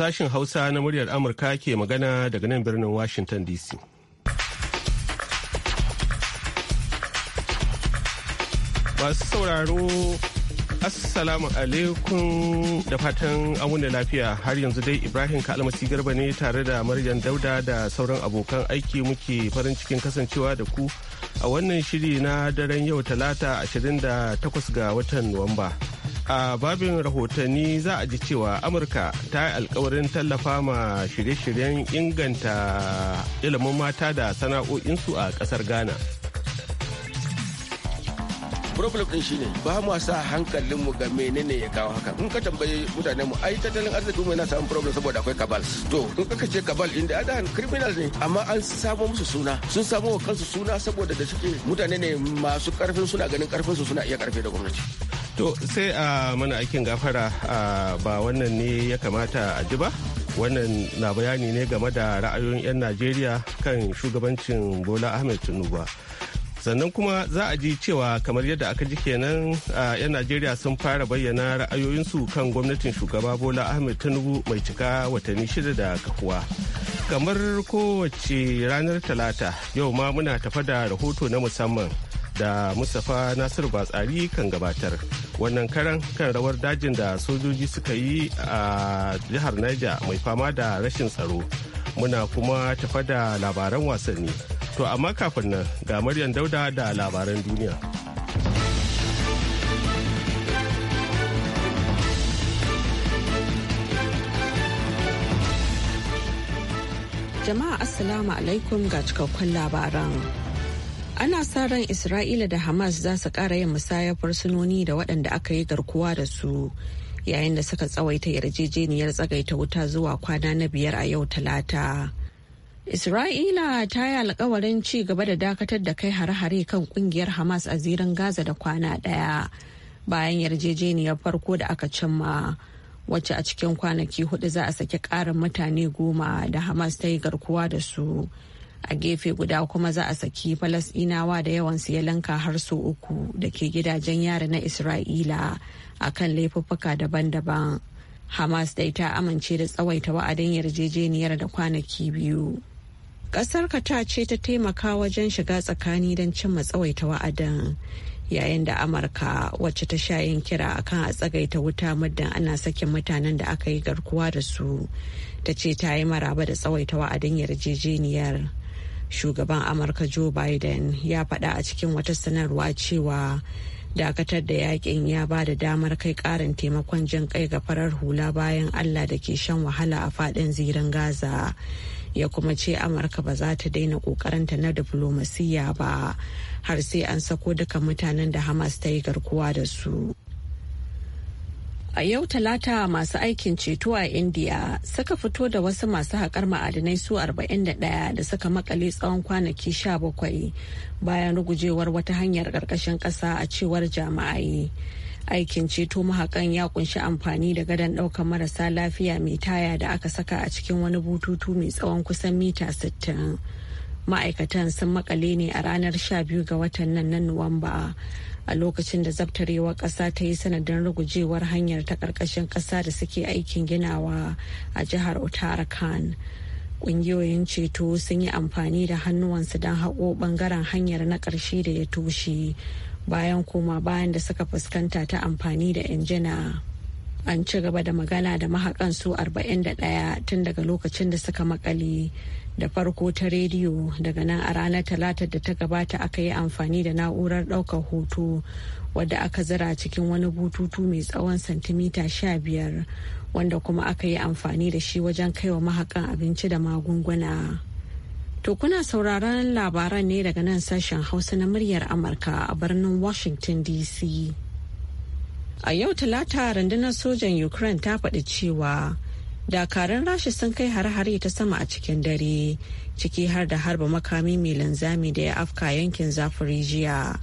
Sashin Hausa na muryar Amurka ke magana daga nan birnin Washington DC. Masu sauraro Assalamu alaikum da fatan amuna lafiya har yanzu dai Ibrahim Kalmasi Garba ne tare da Maryam Dauda da sauran abokan aiki muke farin cikin kasancewa da ku a wannan shiri na daren yau talata 28 ga watan Nuwamba. a babin rahotanni za a ji cewa amurka ta yi alkawarin tallafa ma shirye-shiryen inganta ilimin mata da sana'o'insu a kasar ghana problem din shine ba mu sa hankalin mu ga menene ya kawo haka in ka tambaye mutane mu ai tattalin arziki mu yana samun problem saboda akwai kabal to in ka ce kabal inda ada criminal ne amma an samo musu suna sun samo wa kansu suna saboda da suke mutane ne masu karfin suna ganin karfin su suna iya karfe da gwamnati To sai a mana aikin gafara ba wannan ne ya kamata a ji ba? Wannan na bayani ne game da ra'ayoyin 'yan Najeriya kan shugabancin Bola Ahmed Tinubu. sannan kuma za a ji cewa kamar yadda aka ji kenan yan najeriya sun fara bayyana ra'ayoyinsu kan gwamnatin shugaba bola ahmed tinubu mai cika watanni shida da kakuwa kamar kowace ranar talata yau ma muna tafa da rahoto na musamman da Mustapha Nasiru Batsari kan gabatar. Wannan karan kan rawar dajin da sojoji suka yi a jihar Niger mai fama da rashin tsaro. Muna kuma tafa da labaran wasanni. To amma kafin nan ga Maryam Dauda da labaran duniya. Jama'a Assalamu alaikum ga cikakkun labaran. ana sa ran isra'ila da hamas za su ƙara yin musayar fursunoni da waɗanda aka yi garkuwa da su yayin da suka tsawaita yarjejeniyar tsagaita wuta zuwa kwana na biyar a yau talata isra'ila ta yi alkawarin ci gaba da dakatar da kai hare-hare kan kungiyar hamas a zirin gaza da kwana ɗaya bayan yarjejeniyar farko da aka cimma wacce a cikin kwanaki hudu za a saki ƙarin mutane goma da hamas ta yi garkuwa da su a gefe guda kuma za a saki falasɗinawa da yawansu ya lanka har su uku da ke gidajen yari na isra'ila a kan laifuffuka daban-daban hamas dai ta amince da tsawaita wa'adin yarjejeniyar da kwanaki biyu ƙasar ta ce ta taimaka wajen shiga tsakani don cimma tsawaita wa'adin yayin da amurka wacce ta sha yin kira akan a tsagaita wuta muddin ana sakin mutanen da aka yi garkuwa da su ta ce ta yi maraba da tsawaita wa'adin yarjejeniyar shugaban amurka joe biden ya faɗa a cikin wata sanarwa cewa dakatar da yakin ya ba da damar kai karin taimakon jin kai ga farar hula bayan allah da ke shan wahala a fadin zirin gaza ya kuma ce amurka ba za ta daina kokarinta na diflomasiyya ba har sai an sako duka mutanen da hamas ta yi garkuwa da su A yau talata masu aikin ceto a India suka fito da wasu masu haƙar ma'adinai su 41 da suka makale tsawon kwanaki 17 bayan rugujewar wata hanyar ƙarƙashin ƙasa a cewar jama'ai. Aikin ceto mahaƙan ya kunshi amfani da gadon ɗaukar marasa lafiya mai taya da aka saka a cikin wani bututu mai tsawon kusan mita 60. Ma'aikatan sun makale ne a ranar 12 ga watan nan na Nuwamba. a lokacin da zabtarewar ƙasa ta yi sanadin rugujewar hanyar ta ƙarƙashin ƙasa da suke aikin ginawa a jihar Uttarakhand. Ƙungiyoyin ceto sun yi amfani da hannuwansu don haƙo ɓangaren hanyar na ƙarshe da ya toshe bayan koma bayan da suka fuskanta ta amfani da injina. an ci gaba da magana da mahakan su 41 tun daga lokacin da suka makale da farko ta rediyo daga nan a ranar talata da ta gabata aka yi amfani da na'urar ɗaukar hoto wadda aka zira cikin wani bututu mai tsawon santimita sha biyar wanda kuma aka yi amfani da shi wajen kaiwa mahakan abinci da magunguna to kuna sauraron labaran ne daga nan sashen hausa na muryar amurka a birnin washington dc a yau talata rundunar sojan ukraine ta faɗi cewa dakarun Rashi sun kai har hare ta sama a cikin dare ciki har da harba makami mai linzami da ya afka yankin zafirijiya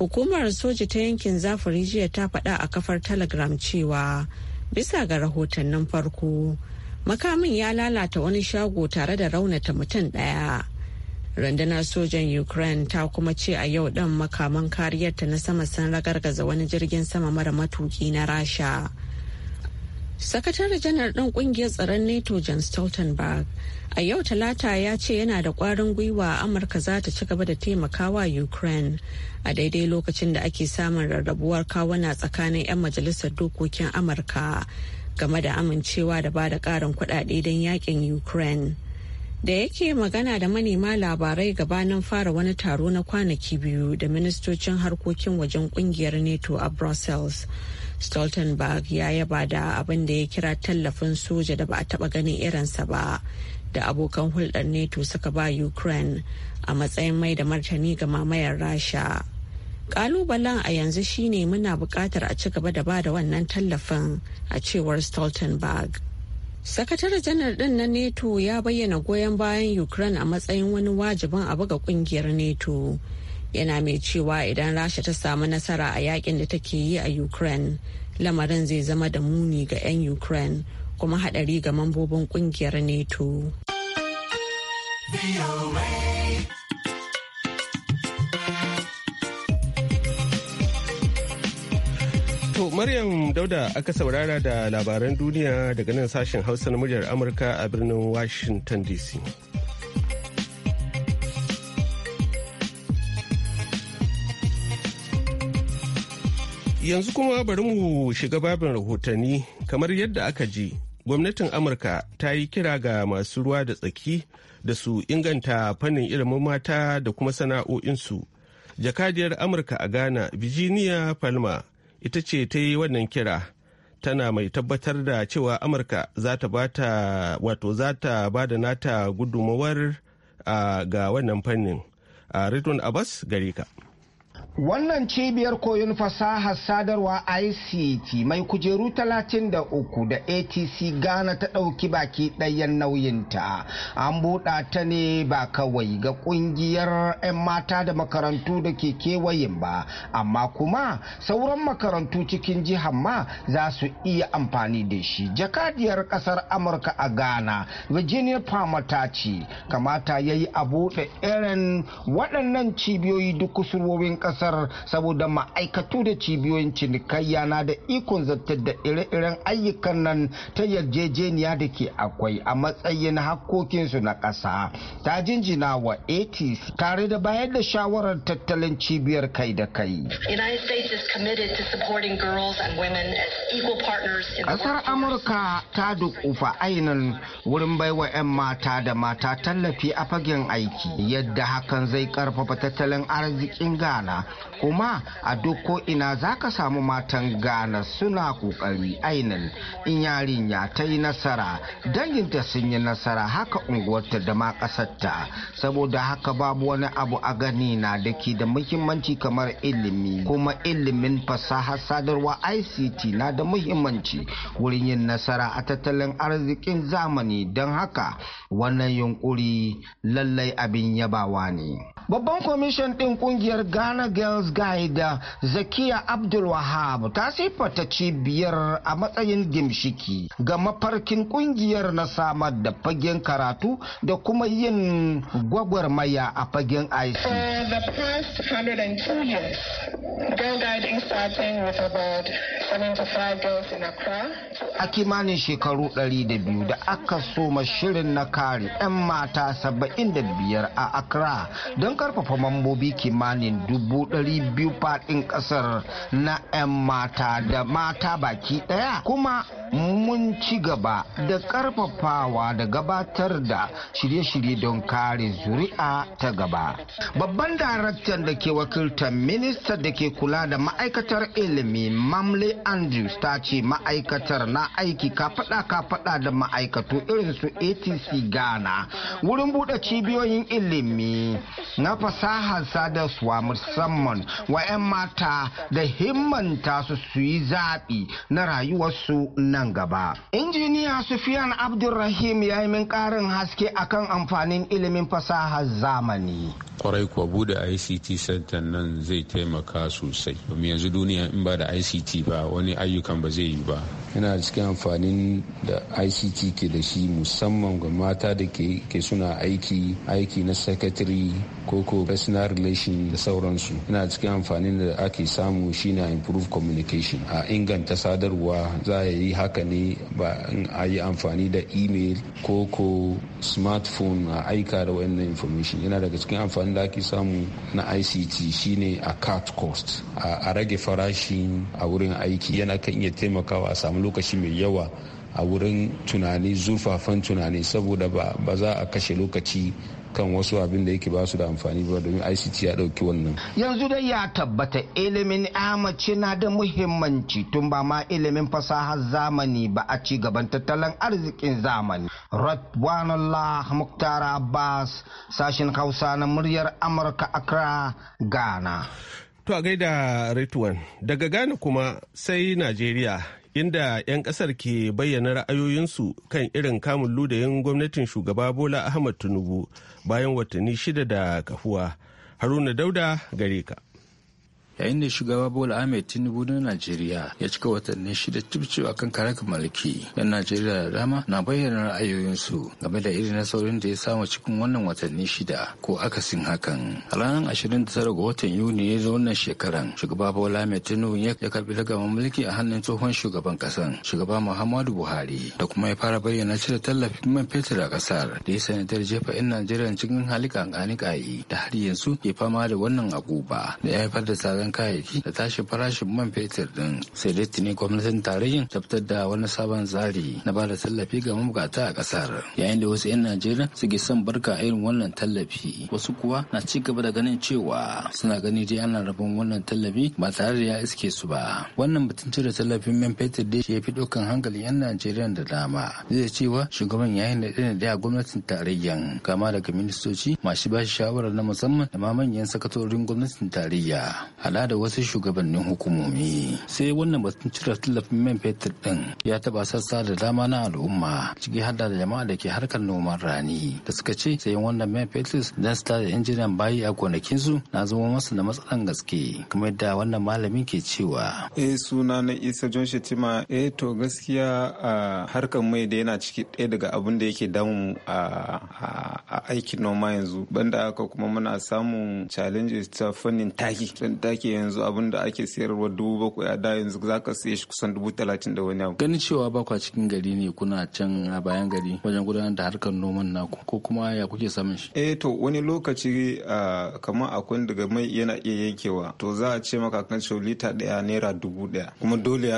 hukumar soji ta yankin zafirijiya ta faɗa a kafar telegram cewa bisa ga rahotannin farko makamin ya lalata wani shago tare da raunata mutum ɗaya rundunar sojan ukraine ta kuma ce a yau ɗan makaman kariyarta na sama sun ragargaza wani jirgin sama mara matuki na rasha sakatare janar ɗin ƙungiyar tsaron nato john stoltenberg a yau talata ya ce yana da ƙwarin gwiwa amurka za ta ci gaba da taimakawa ukraine a daidai lokacin da ake samun rarrabuwar kawuna tsakanin 'yan majalisar dokokin amurka game da amincewa da ba da ƙarin kuɗaɗe don yakin ukraine da yake magana da manema labarai gabanin fara wani taro na kwanaki biyu da ministocin harkokin wajen kungiyar NATO a brussels stoltenberg ya yaba da abin da ya kira tallafin soja da ba a taba ganin irinsa ba da abokan hulɗar NATO suka ba ukraine a matsayin mai da martani ga mamayar rasha kalubalen a yanzu shine muna buƙatar a ci gaba da ba da wannan tallafin a cewar stoltenberg sakatare janar din na NATO ya bayyana goyon bayan ukraine a matsayin wani wajibin a buga kungiyar neto yana mai cewa idan rasha ta samu nasara a yakin da take yi a ukraine lamarin zai zama da muni ga 'yan ukraine kuma hadari ga mambobin kungiyar NATO. To Maryam Dauda aka saurara da labaran duniya daga nan sashen Hausa na muryar Amurka a birnin Washington DC. Yanzu kuma bari mu shiga babin rahotanni kamar yadda aka ji gwamnatin Amurka ta yi kira ga masu ruwa da tsaki da su inganta fannin ilimin mata da kuma sana'o'insu. Jakadiyar Amurka a Ghana, Virginia Palmer ita ce ta yi wannan kira tana mai tabbatar da cewa amurka za ta wato za ba da nata gudunmawar ga wannan fannin a riton abbas gare ka Wannan cibiyar koyon fasahar sadarwa ICT mai kujeru 33 da ATC Ghana ta ɗauki baki ɗayan nauyinta. An buɗa ta ne ba kawai ga ƙungiyar 'yan mata da makarantu da ke kewayen ba, amma kuma sauran makarantu cikin jihar ma za su iya amfani da shi. Jakadiyar ƙasar Amurka a Ghana, Virginia Palmer ta ce, kamata ya yi a buɗe irin waɗannan cibiyoyi duk kusurwowin ƙasa. kasar saboda ma'aikatu da cibiyoyin cinikayya na da ikon zartar da ire-iren ayyukan nan ta yarjejeniya da ke akwai a matsayin hakkokinsu na ƙasa ta jinjina wa ATC tare da bayar da shawarar tattalin cibiyar kai da kai. Ƙasar Amurka ta dukufa ainihin wurin baiwa 'yan mata da mata tallafi a fagen aiki yadda hakan zai karfafa tattalin arzikin Ghana kuma a duk ko ina za ka samu matan gana suna kokari ainin in yarinya ta yi nasara danginta sun yi nasara haka unguwarta da ma ƙasarta saboda haka babu wani abu a gani na da ke da muhimmanci kamar ilimi kuma ilimin fasaha sadarwa ict na da muhimmanci wurin yin nasara a tattalin arzikin zamani don haka wannan yunkuri lallai abin yabawa ne babban kwamishin ɗin ƙungiyar ghana girls guide zakiya abdulwahab ta siffata cibiyar a matsayin gimshiki ga mafarkin ƙungiyar na samar da fagen karatu da kuma yin gwagwarmaya a fagen ic a kimanin shekaru 200 da aka soma shirin na kare 'yan mata 75 a accra don karfafa mambobi kimanin dubu ɗari biyu faɗin ƙasar na 'yan mata da mata baki ɗaya kuma mun ci gaba da karfafawa da gabatar da shirye-shirye don kare zuri'a ta gaba babban daraktan da ke wakiltar minista da ke kula da ma'aikatar ilimi mamle andrews ta ce ma'aikatar na aiki kafaɗa kafaɗa da ma'aikatu irin su atc ghana wurin buɗe cibiyoyin ilimi na fasahar sadaswa musamman wa 'yan mata da himmanta su su yi zaɓi na rayuwarsu nan gaba. Injiniya Sufiyan Abdulrahim ya yi min ƙarin haske akan amfanin ilimin fasahar zamani. kwarai kuwa bude ict center nan zai taimaka sosai domin yanzu duniya in ba da ict ba wani ayyukan ba zai yi ba yana cikin amfanin da ict ke da shi musamman ga mata da ke suna aiki aiki na secretary ko ko personal relation da sauransu yana cikin amfanin da ake samu shi na improve communication a inganta sadarwa za a yi haka ne ba in a yi amfani da email ko ko smartphone a aika da wannan information yana daga cikin amfani kudaden da ake samu na ict shine a cut cost a rage farashi a wurin aiki yana kan iya taimakawa a samu lokaci mai yawa a wurin tunani zurfafan tunani saboda ba za a kashe lokaci kan wasu abin da yake ba su da amfani ba domin ICT ya ɗauki wannan. Yanzu dai ya tabbata ilimin amince na da muhimmanci tun ba ma ilimin fasahar zamani ba a ci gaban tattalin arzikin zamani. Radwanullah Muktar Abbas sashin Hausa na muryar Amurka Accra, Ghana. To a gaida Ritwan, daga Ghana kuma sai Najeriya inda 'yan kasar ke bayyana ra'ayoyinsu kan irin kamun ludayin gwamnatin shugaba bola ahmad tinubu bayan watanni shida da kafuwa haruna dauda gare ka yayin da shugaba bola ahmed tinubu na najeriya ya cika watanni shida cibcib a kan karaka mulki yan najeriya da dama na bayyana ra'ayoyinsu game da irin nasarorin da ya samu cikin wannan watanni shida ko akasin hakan a ranar ashirin da tara ga watan yuni ya zo wannan shekaran shugaba bola ahmed tinubu ya karbi ragaman mulki a hannun tsohon shugaban kasan shugaba muhammadu buhari da kuma ya fara bayyana cire tallafin man fetur a kasar da ya sanadar jefa yan najeriya cikin halika ƙaƙani da har yanzu ke fama da wannan abubuwa. da ya haifar da tsaron waɗannan kayayyaki da tashi farashin man fetur din sai dai gwamnatin tarayyar ta fitar da wani sabon tsari na ba da tallafi ga mabukata a kasar yayin da wasu 'yan najeriya suke son barka irin wannan tallafi wasu kuwa na ci gaba da ganin cewa suna gani dai ana rabon wannan tallafi ba tare da ya iske su ba wannan batun da tallafin man fetur dai shi ya fi ɗaukan hankalin 'yan najeriya da dama zai cewa shugaban yayin da ɗaya da gwamnatin tarayyan kama daga ministoci masu ba shi shawara na musamman da ma manyan sakatorin gwamnatin tarayya hada da wasu shugabannin hukumomi sai wannan batun cire tallafin man fetur din ya taba sassa da dama na al'umma ciki hada da jama'a da ke harkar noman rani da suka ce sai wannan man fetur dan su da injiniyan bayi a gonakin su na zama masa da matsalan gaske kuma yadda wannan malamin ke cewa eh suna na isa john shetima eh to gaskiya a harkar mai da yana ciki ɗaya daga abun da yake damu a aikin noma yanzu banda haka kuma muna samun challenges ta fannin taki ake yanzu abin da ake sayarwa dubu bakwai a da yanzu za ka shi kusan dubu talatin da wani abu. Ganin cewa ba kwa cikin gari ne kuna can a bayan gari wajen gudanar da harkar noman naku ko kuma ya kuke samun shi. Eh to wani lokaci kamar akwai daga mai yana iya yankewa to za a ce maka kan cewa lita ɗaya naira dubu ɗaya kuma dole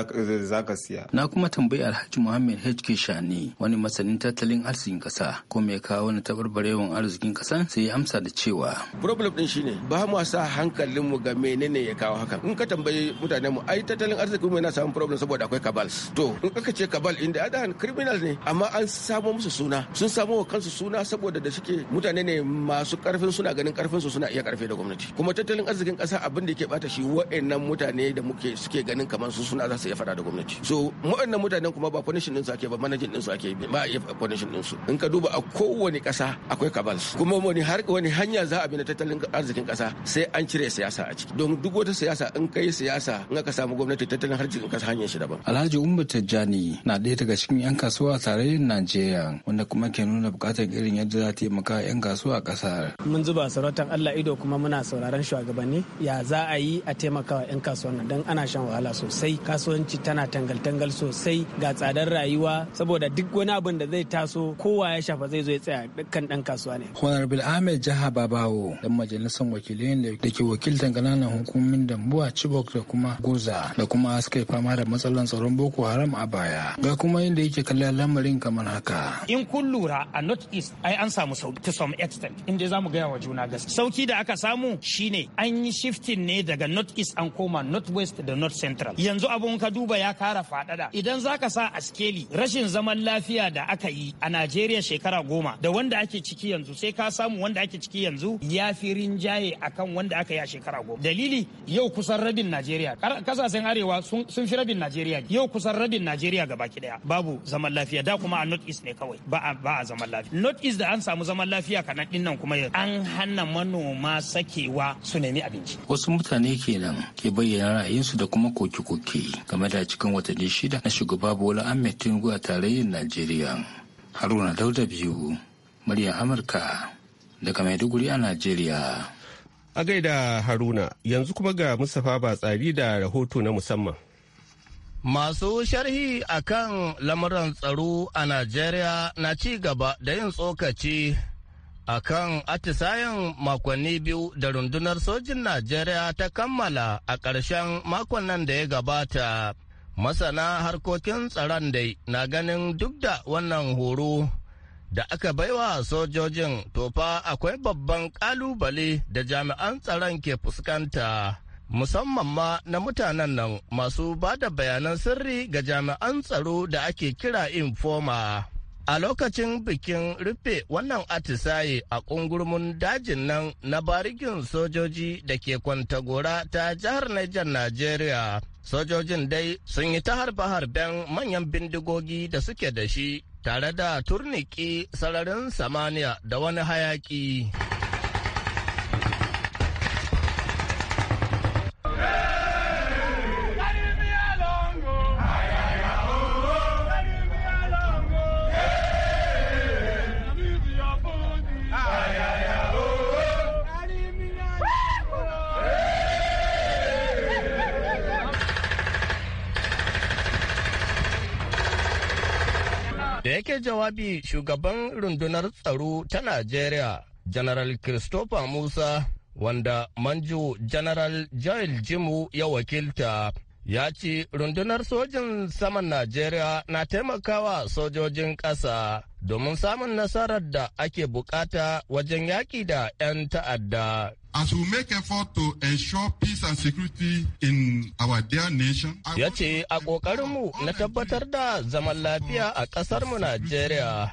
za ka siya. Na kuma tambayi Alhaji Muhammad HK Shani wani masanin tattalin arzikin kasa ko mai kawo wani tabarbarewan arzikin kasa sai ya amsa da cewa. Problem ɗin shine ba mu sa hankalinmu ga menene ne ya kawo hakan in ka tambayi mutane mu ai tattalin arziki mu yana samun problem saboda akwai cabals to in aka ce cabal inda ya criminal ne amma an samo musu suna sun samo wa kansu suna saboda da suke mutane ne masu karfin suna ganin karfin su suna iya karfe da gwamnati kuma tattalin arzikin kasa abin da yake bata shi wa'annan mutane da muke suke ganin kamar su suna za su iya fada da gwamnati so wa'annan mutanen kuma ba punishment din su ake ba managing din su ake ba iya punishment din su in ka duba a kowane kasa akwai cabals kuma wani har wani hanya za a bi na tattalin arzikin kasa sai an cire siyasa a ciki don duk wata siyasa in kai siyasa in aka samu gwamnati tattalin arzikin kasa hanyar shi daban alhaji umar tijjani na ɗaya daga cikin yan kasuwa a tarayyar najeriya wanda kuma ke nuna bukatar irin yadda za ta maka yan kasuwa a ƙasar mun zuba sarautar allah ido kuma muna sauraron shugabanni ya za a yi a taimakawa yan kasuwan nan don ana shan wahala sosai kasuwanci tana tangal-tangal sosai ga tsadar rayuwa saboda duk wani abin da zai taso kowa ya shafa zai zo ya tsaya dukkan ɗan kasuwa ne honorable ahmed jaha babawo dan majalisar wakilai da ke wakiltar ƙananan hukumar hukumomin Dambuwa, Chibok da kuma Goza da kuma suka fama da matsalan tsaron Boko Haram a baya. Ga kuma yadda yake kalli lamarin kamar haka. In kun lura a North East ai an samu sauki to some extent in dai zamu gaya wa juna gaskiya. Sauki da aka samu shine an yi shifting ne daga North East an koma North West da North Central. Yanzu abun ka duba ya kara fadada. Idan zaka sa a skeli rashin zaman lafiya da aka yi a Najeriya shekara goma da wanda ake ciki yanzu sai ka samu wanda ake ciki yanzu ya fi rinjaye akan wanda aka yi a shekara goma. Dalili yau kusan rabin Najeriya kasashen arewa sun fi rabin Najeriya yau kusan rabin Najeriya gaba baki daya babu zaman lafiya da kuma a North East ne kawai ba a zaman lafiya North East da an samu zaman lafiya kanan din nan kuma an hana manoma sakewa su nemi abinci wasu mutane kenan ke bayyana ra'ayinsu da kuma koke-koke game da cikin watanni shida na shugaba Bola Ahmed Tinubu a tarayyar Najeriya Haruna Dauda biyu murya Amurka daga Maiduguri a Najeriya A gaida Haruna, yanzu kuma ga Mustapha Batsari da rahoto na musamman. Masu sharhi a kan lamuran tsaro a Najeriya na ci gaba da yin tsokaci a kan atisayen makonni biyu da rundunar sojin Najeriya ta kammala a ƙarshen makon nan da ya gabata. Masana harkokin tsaron dai na ganin duk da wannan horo. da aka baiwa sojojin to fa akwai babban kalubale da jami'an tsaron ke fuskanta musamman ma na mutanen nan masu ba da bayanan sirri ga jami'an tsaro da ake kira informa a lokacin bikin rufe wannan atisaye a ƙungurmin dajin nan na barikin sojoji da ke kwantagora ta jihar Niger Najeriya sojojin dai sun yi ta harbe-harben manyan bindigogi da suke da shi tare da turniki sararin samaniya da wani hayaki. jawabi shugaban rundunar tsaro ta Najeriya, General Christopher Musa, wanda manjo General Joel Jimu ya wakilta. Ya ce rundunar sojin saman Najeriya na taimakawa sojojin ƙasa domin samun nasarar da ake bukata wajen yaƙi da 'yan ta'adda. As we make effort to ensure peace and security in our dear nation, ya ce a ƙoƙarinmu na tabbatar da zaman lafiya a ƙasarmu Najeriya,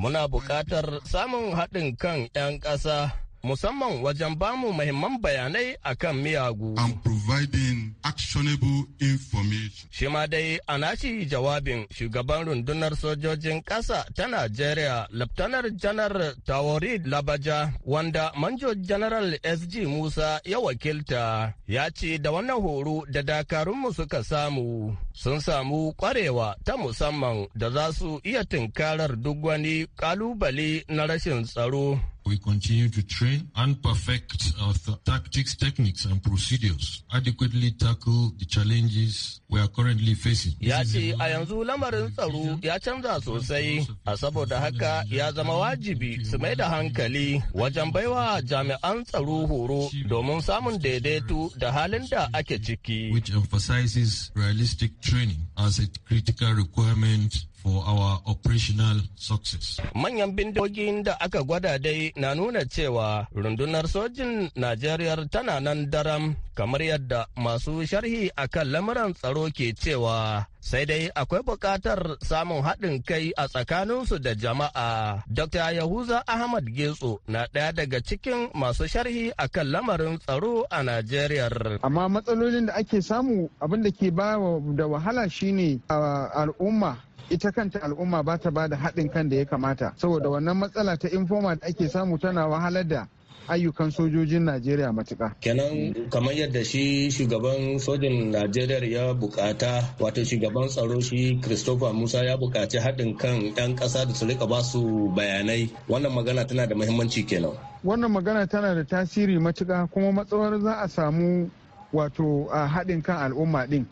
muna buƙatar samun haɗin kan 'yan ƙasa. musamman wajen bamu mahimman bayanai akan miyagu. And providing actionable information. Shi ma dai ana shi jawabin shugaban rundunar sojojin ƙasa ta Najeriya, Laftanar Janar Tawarid Labaja, wanda Manjo General SG Musa ya wakilta, ya ce da wannan horo da dakarunmu suka samu, sun samu ƙwarewa ta musamman da za su iya tunkarar duk wani ƙalubale na rashin tsaro. We continue to train and perfect our tactics, techniques, and procedures, adequately tackle the challenges we are currently facing. Ya ce a yanzu lamarin tsaro ya canza sosai, a saboda haka ya zama wajibi su mai da hankali wajen baiwa jami'an tsaro horo domin samun daidaito da halin da ake ciki. Which emphasizes realistic training as a critical requirement for our operational success. Manyan bindogin da aka gwada dai na nuna cewa rundunar sojin Najeriya tana nan daram kamar yadda masu sharhi akan lamuran tsaro ke cewa sai dai akwai bukatar samun haɗin kai a tsakaninsu da jama'a. Dr. Yahuza Ahmad Getso na ɗaya daga cikin masu sharhi akan lamarin tsaro a Najeriya. Amma matsalolin da ake samu abin da ke ba da wahala shine al'umma ita kanta al'umma ba ta ba da haɗin kan da ya kamata saboda wannan matsala ta informa da ake samu tana wahalar da ayyukan sojojin Najeriya matuka. Kenan kamar yadda shi shugaban sojin Najeriya ya bukata wato shugaban tsaro shi Christopher Musa ya bukaci haɗin kan 'yan ƙasa da su rika basu bayanai wannan magana tana da muhimmanci kenan. Wannan magana tana da tasiri matuka kuma matsawar za a samu wato a haɗin kan al'umma ɗin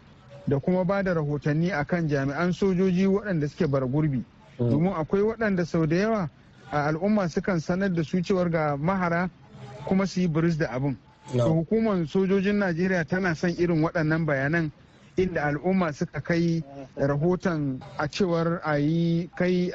da kuma ba da rahotanni a kan jami'an sojoji waɗanda suke bara gurbi. Hmm. domin akwai waɗanda sau da yawa a al'umma sukan sanar da su cewar ga mahara kuma su yi buris da abin da hukumar sojojin najeriya tana son irin waɗannan bayanan inda al'umma suka kai rahoton a cewar a yi kai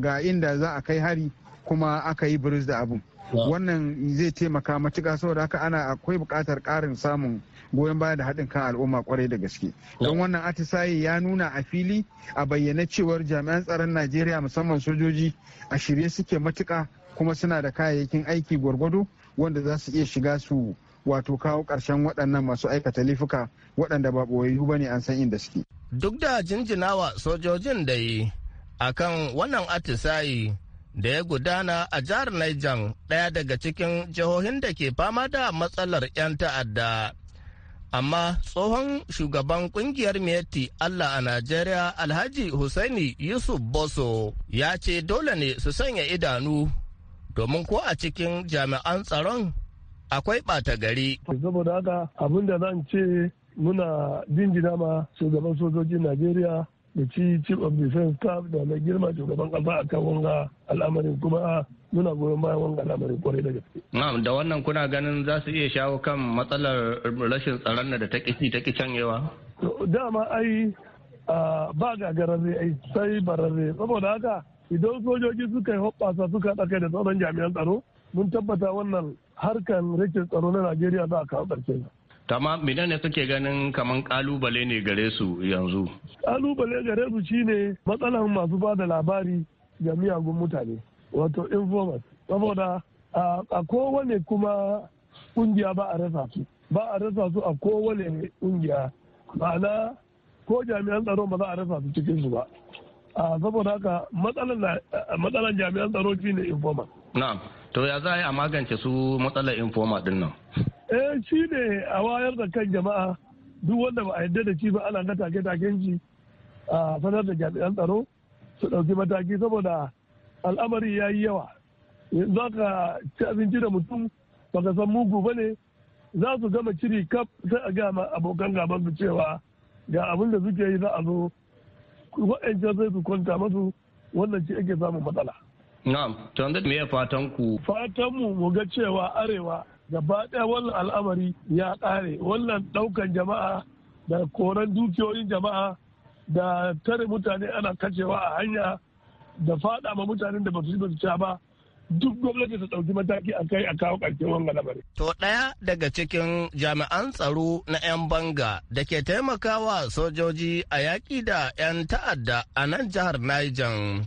ga inda za a kai hari kuma aka yi buris da abin wannan zai taimaka matuƙa saboda haka ana akwai buƙatar ƙarin samun goyon baya da haɗin kan al'umma kwarai da gaske don wannan atisaye ya nuna a fili a bayyana cewar jami'an tsaron najeriya musamman sojoji a shirye suke matuƙa kuma suna da kayayyakin aiki gwargwado wanda za su iya shiga su wato kawo ƙarshen waɗannan masu aikata laifuka waɗanda ba ɓoyayyu ba ne an san inda suke. Duk da jinjinawa sojojin da yi a kan wannan atisayi da ya gudana a jihar Niger ɗaya daga cikin jihohin da ke fama da matsalar 'yan ta'adda. Amma tsohon shugaban kungiyar miyatti Allah a Najeriya Alhaji Hussaini Yusuf Boso ya ce dole ne su sanya idanu domin ko a cikin jami'an tsaron akwai ɓata gari. saboda haka abin da zan ce muna jinjina ma shugaban sojojin najeriya da ci chief of defense staff da mai girma shugaban kasa a kan wanga al'amarin kuma muna goyon bayan wanga al'amarin kwarai da gaske. Na'am da wannan kuna ganin za su iya shawo kan matsalar rashin tsaron da ta ƙi ta canyewa? Dama ai ba gagara zai ai sai bararre saboda haka idan sojoji suka yi hoɓɓasa suka haɗa kai da sauran jami'an tsaro mun tabbata wannan harkan rikin tsaro na najeriya za a kawo ƙarshe. tama mina ne suke ganin kamar kalubale ne gare su yanzu kalubale gare su shine matsalar masu ba da labari ga miyagun mutane wato informers saboda a kowane kuma kungiya ba a rasa su ba a rasa su a kowane kungiya ma'ana ko jami'an tsaro ba za a rasa su cikin su ba saboda haka matsalar jami'an tsaro shi ne informa. na'am to ya za a yi a magance su matsalar informa din nan eh shi ne a wayar da kan jama'a duk wanda ba a yadda da shi ba ana ga take-taken shi a sanar da jami'an tsaro su ɗauki mataki saboda al'amari ya yi yawa za ka ci abinci da mutum baka san mugu ba ne za su gama ciri kaf sai a gama abokan gaban su cewa ga abin da suke yi za a zo wa'ancan zai su kwanta masu wannan ce ake samun matsala. Na'am, to yanzu me ya fatan ku? Fatan mu mu ga cewa arewa gaba ɗaya wannan al'amari ya ƙare wannan ɗaukan jama'a da koran dukiyoyin jama'a da tare mutane ana kacewa a hanya da faɗa ma mutanen da ba su ba su ba duk gwamnati su ɗauki mataki a kai a kawo ƙarshen wannan lamarin. To ɗaya daga cikin jami'an tsaro na 'yan banga da ke taimakawa sojoji a yaƙi da 'yan ta'adda a nan jihar Niger.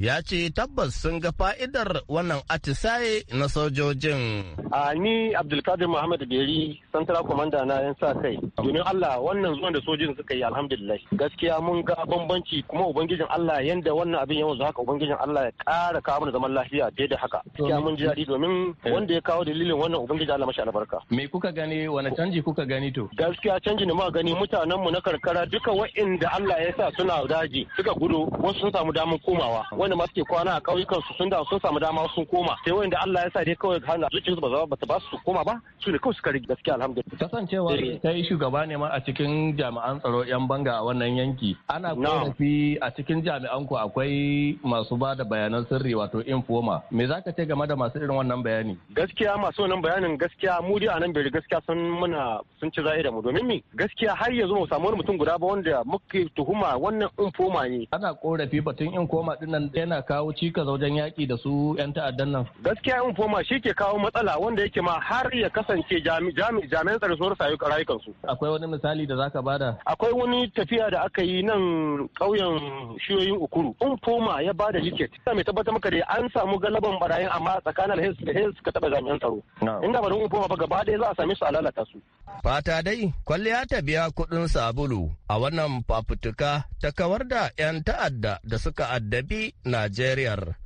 ya ce tabbas sun ga fa'idar wannan atisaye na sojojin. A ni Abdulkadir Muhammad Beri, Central Commander na 'yan sa kai. Domin Allah wannan zuwan da sojojin suka yi alhamdulillah. Gaskiya mun ga bambanci kuma Ubangijin Allah yanda wannan abin yawan zuwa haka Ubangijin Allah ya ƙara kawo mana zaman lafiya fiye da haka. Gaskiya mun ji daɗi domin wanda ya kawo dalilin wannan Ubangijin Allah mashi albarka. Me kuka gani wani canji kuka gani to? Gaskiya canji ne muka gani mutanenmu na karkara duka wa'inda Allah ya sa suna daji suka gudu wasu sun samu damar komawa. wanda ma suke kwana a kauyukan su sun da sun samu dama sun koma sai wanda Allah ya sa dai kawai zuciyar su ba za ta ba su koma ba su ne kawai suka rige gaskiya alhamdulillah kasancewa yi eh. shugaba ne ma a cikin jami'an tsaro yan banga a wannan yanki ana korafi a cikin jami'an ku akwai masu ba da bayanan sirri wato informa me za ka ce game da masu irin wannan bayani gaskiya masu wannan bayanin gaskiya mu dai anan bai gaskiya sun muna sun ci zai da mu domin mi gaskiya har yanzu mu samu wani mutum guda ba wanda muke tuhuma wannan informa ne ana korafi batun koma dinnan yana kawo cikas wajen yaƙi da su 'yan ta'addan nan. Gaskiya foma shi ke kawo matsala wanda yake ma har ya kasance jami'an tsaro su rayukansu. Akwai wani misali da zaka bada? Akwai wani tafiya da aka yi nan ƙauyen shiyoyin Ukuru. Infoma ya bada liket. Ina mai tabbatar maka da an samu galaban barayin amma tsakanin Hels da Hels ka taɓa jami'an tsaro. Inda ba don foma ba gaba ɗaya za a same su a lalata su. Fata dai kwalliya ta biya kuɗin sabulu a wannan fafutuka ta kawar da 'yan ta'adda da suka addabi Najeriyar.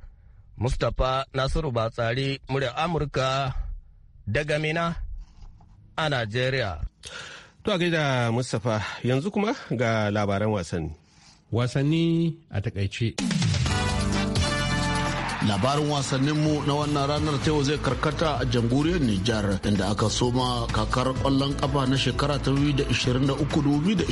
Mustapha Nasiru Batsari murya Amurka daga Mina a Najeriya. To a gaida Mustapha yanzu kuma ga labaran wasanni. Wasanni a takaice. labarin wasannin mu na wannan ranar ta yau zai karkata a jamhuriyar Nijar inda aka soma kakar kwallon kafa na shekara ta 2023-2024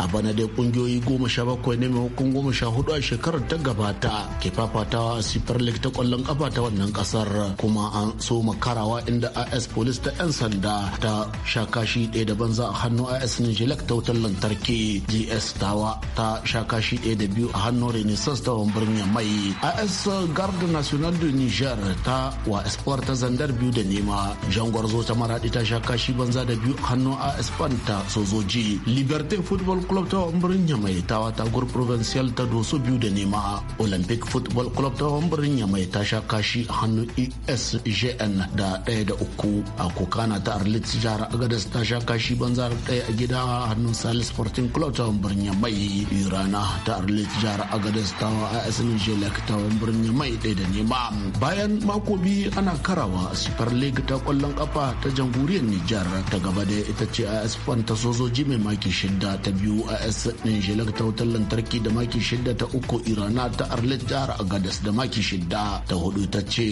a bana dai kungiyoyi goma ne maimakon goma sha hudu a shekarar ta gabata ke fafatawa a super league ta kwallon kafa ta wannan kasar kuma an soma karawa inda as police ta yan sanda ta sha kashi ɗaya da banza a hannu as nijilak ta wutar lantarki gs tawa ta sha kashi ɗaya da biyu a hannun renaissance ta wambarin mai as wasa garda national de niger ta wa espoir ta zandar biyu da nema jan gwarzo ta maradi ta sha kashi banza da biyu hannu a fan ta sojoji liberté football club ta wambirin yamai ta wata gur provincial ta doso biyu da nema olympic football club ta wambirin yamai ta sha kashi hannun e esjn da ɗaya da uku a kokana ta arlit jihar agadas ta sha kashi banza ɗaya a gida hannun salis sporting club ta wambirin yamai irana ta arlit jihar agadas ta wa as nijelek ta wambirin birnin Yamai da nema. Bayan mako biyu ana karawa sifar League ta kwallon kafa ta jamhuriyar Nijar ta gaba da ita ce AS Fan ta sojoji mai maki shidda ta biyu AS Nijelak ta wutar lantarki da maki shidda ta uku Irana ta Arlet jihar Agadas da maki shidda ta hudu ta ce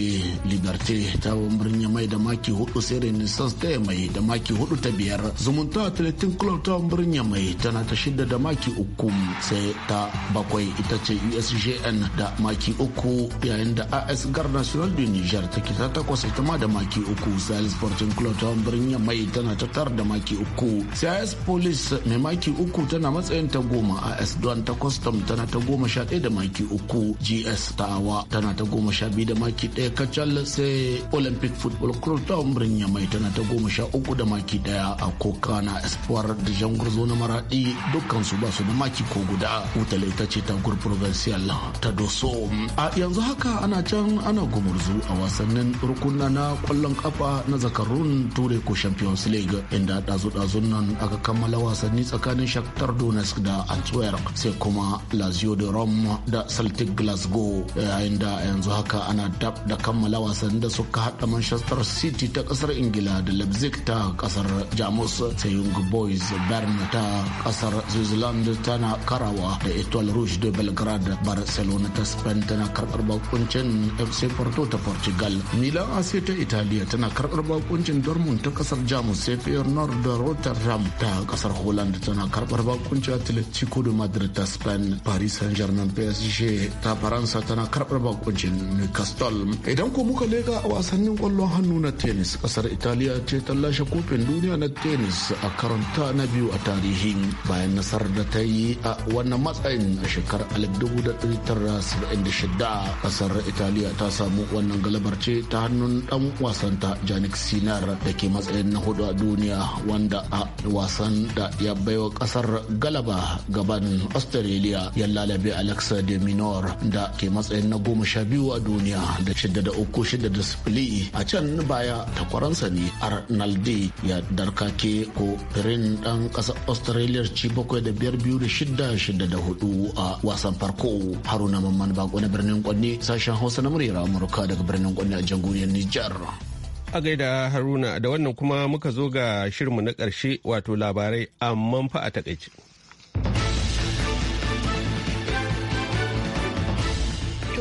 Liberté ta birnin mai da maki hudu sai Renaissance ta mai da maki hudu ta biyar Zumunta talatin Club ta birnin mai tana ta shidda da maki uku sai ta bakwai ita ce USGN da maki uku yayin da as gar national de niger take ta takwas ita ma da maki uku sai sporting club ta birnin mai tana ta tar da maki uku sai as police mai maki uku tana matsayin ta goma as don ta custom tana ta goma sha ɗaya da maki uku gs ta awa tana ta goma sha biyu da maki ɗaya kacal sai olympic football club ta birnin mai tana ta goma sha uku da maki ɗaya a koka na espoir da jangurzo na maraɗi dukkansu ba su da maki ko guda utale ta ce ta gur provincial ta doso a yanzu haka ana can ana gumurzu a wasannin rukunna na kwallon kafa na zakarun turai ko champions league inda dazu-dazun nan aka kammala wasanni tsakanin shakhtar donetsk da antwerp sai kuma lazio de rome da celtic glasgow yayin da yanzu haka ana dab da kammala wasannin da suka hada manchester city ta kasar ingila da leipzig ta kasar jamus sai young boys bern ta kasar switzerland tana karawa da etoile rouge de belgrade barcelona ta spain tana karbar bakuncin fc porto ta portugal milan ac ta italiya tana karbar bakuncin dortmund ta kasar jamus sai feyenoord da rotterdam ta kasar holland tana karbar bakuncin atletico de madrid ta spain paris saint germain psg ta faransa tana karbar bakuncin newcastle idan ko muka lega a wasannin kwallon hannu na tennis kasar italiya ce ta lashe kofin duniya na tennis a karanta na biyu a tarihi bayan nasarar da ta yi a wannan matsayin a shekarar 1976 a kasar italiya ta samu wannan galabar ce ta hannun dan wasanta janik sinar da ke matsayin na hudu a duniya wanda a wasan da ya baiwa kasar galaba gaban australia ya lalabe alexa de minor da ke matsayin na goma sha biyu a duniya da shida da uku shida da sifili a can baya takwaransa ne arnaldi ya darka ke ko rin dan kasar australia ci bakwai da biyar biyu da shida shida da hudu a wasan farko haruna mamman bakwai na birnin Kwanne sashen Hausa na muryar Amurka daga birnin Kwanne a jamhuriyar Nijar. A gaida Haruna da wannan kuma muka zo ga shirinmu na ƙarshe wato labarai amman fa a takaice.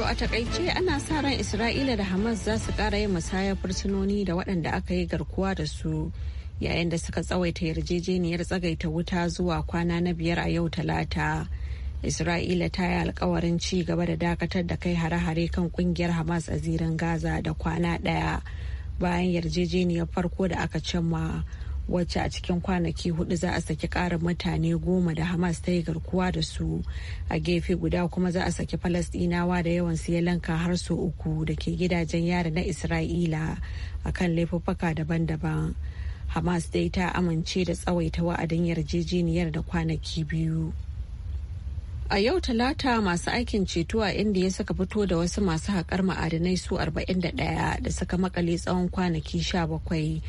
a takaice ana sa ran isra'ila da hamas za su kara yin musayar fursunoni da waɗanda aka yi garkuwa da su yayin da suka tsawaita yarjejeniyar tsagaita wuta zuwa kwana na biyar a yau talata Isra'ila ta yi alkawarin ci gaba da dakatar da kai hare-hare kan kungiyar Hamas a zirin Gaza da kwana ɗaya bayan yarjejeniyar farko da aka cimma wacce a cikin kwanaki hudu za a saki ƙarin mutane goma da Hamas ta yi garkuwa da su a gefe guda kuma za a saki Falasɗinawa da yawan su ya lanka har su uku da ke gidajen yari na Isra'ila a kan laifuffuka daban-daban. Hamas dai ta amince da tsawaita wa'adin yarjejeniyar da kwanaki biyu. A yau talata masu aikin ceto a indiya suka fito da wasu masu haƙar ma'adinai su 41 da suka makale tsawon kwanaki 17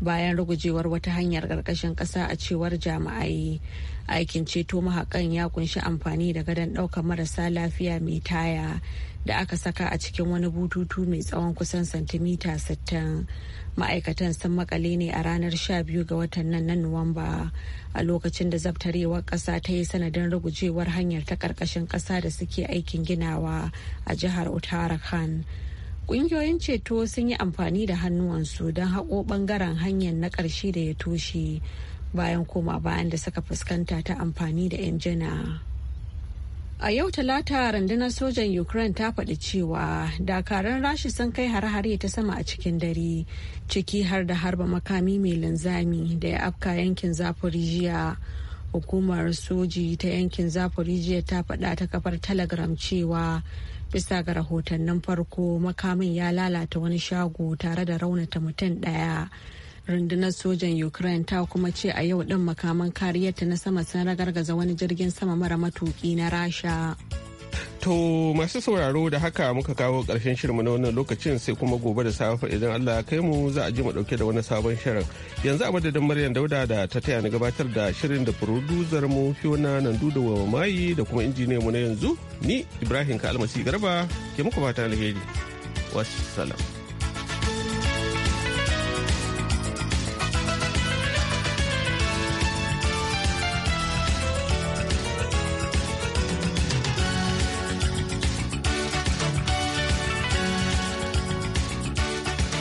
bayan rugujewar wata hanyar ƙarƙashin ƙasa a cewar jami'ai aikin ceto mahakan ya kunshi amfani da gadon ɗaukar marasa lafiya mai taya da aka saka a cikin wani bututu mai tsawon kusan santimita sittin ma'aikatan sun makale ne a ranar 12 ga watan nan na nuwamba a lokacin da zabtarewar ƙasa ta yi sanadin rugujewar hanyar ta ƙarƙashin ƙasa da suke aikin ginawa a jihar uttarakhand Ƙungiyoyin ceto sun yi amfani da hannuwansu don haƙo ɓangaren hanyar na ƙarshe da ya toshe bayan koma bayan da suka fuskanta ta amfani da injina. A yau talata rundunar sojan Ukraine ta faɗi cewa dakarun rashi sun kai har hare ta sama a cikin dare ciki har da harba makami mai linzami da ya afka yankin Zaporijiya. Hukumar soji ta yankin Zaporijiya ta faɗa ta kafar Telegram cewa bisa ga rahotannin farko makamin ya lalata wani shago tare da raunata mutum daya rundunar sojan ukraine ta kuma ce a yau din makaman kariyarta na sama sun ragargaza wani jirgin sama mara matuki na rasha To masu sauraro da haka muka kawo ƙarshen shirin na wannan lokacin sai kuma gobe da safe idan Allah ya kai mu za a ji mu ɗauke da wani sabon shirin. Yanzu a madadin Maryam Dauda da ta taya ni gabatar da shirin da producer mu Fiona Nandu da wa Mayi da kuma injiniyan mu na yanzu ni Ibrahim Ka Almasi Garba ke muku fatan alheri. Wassalam.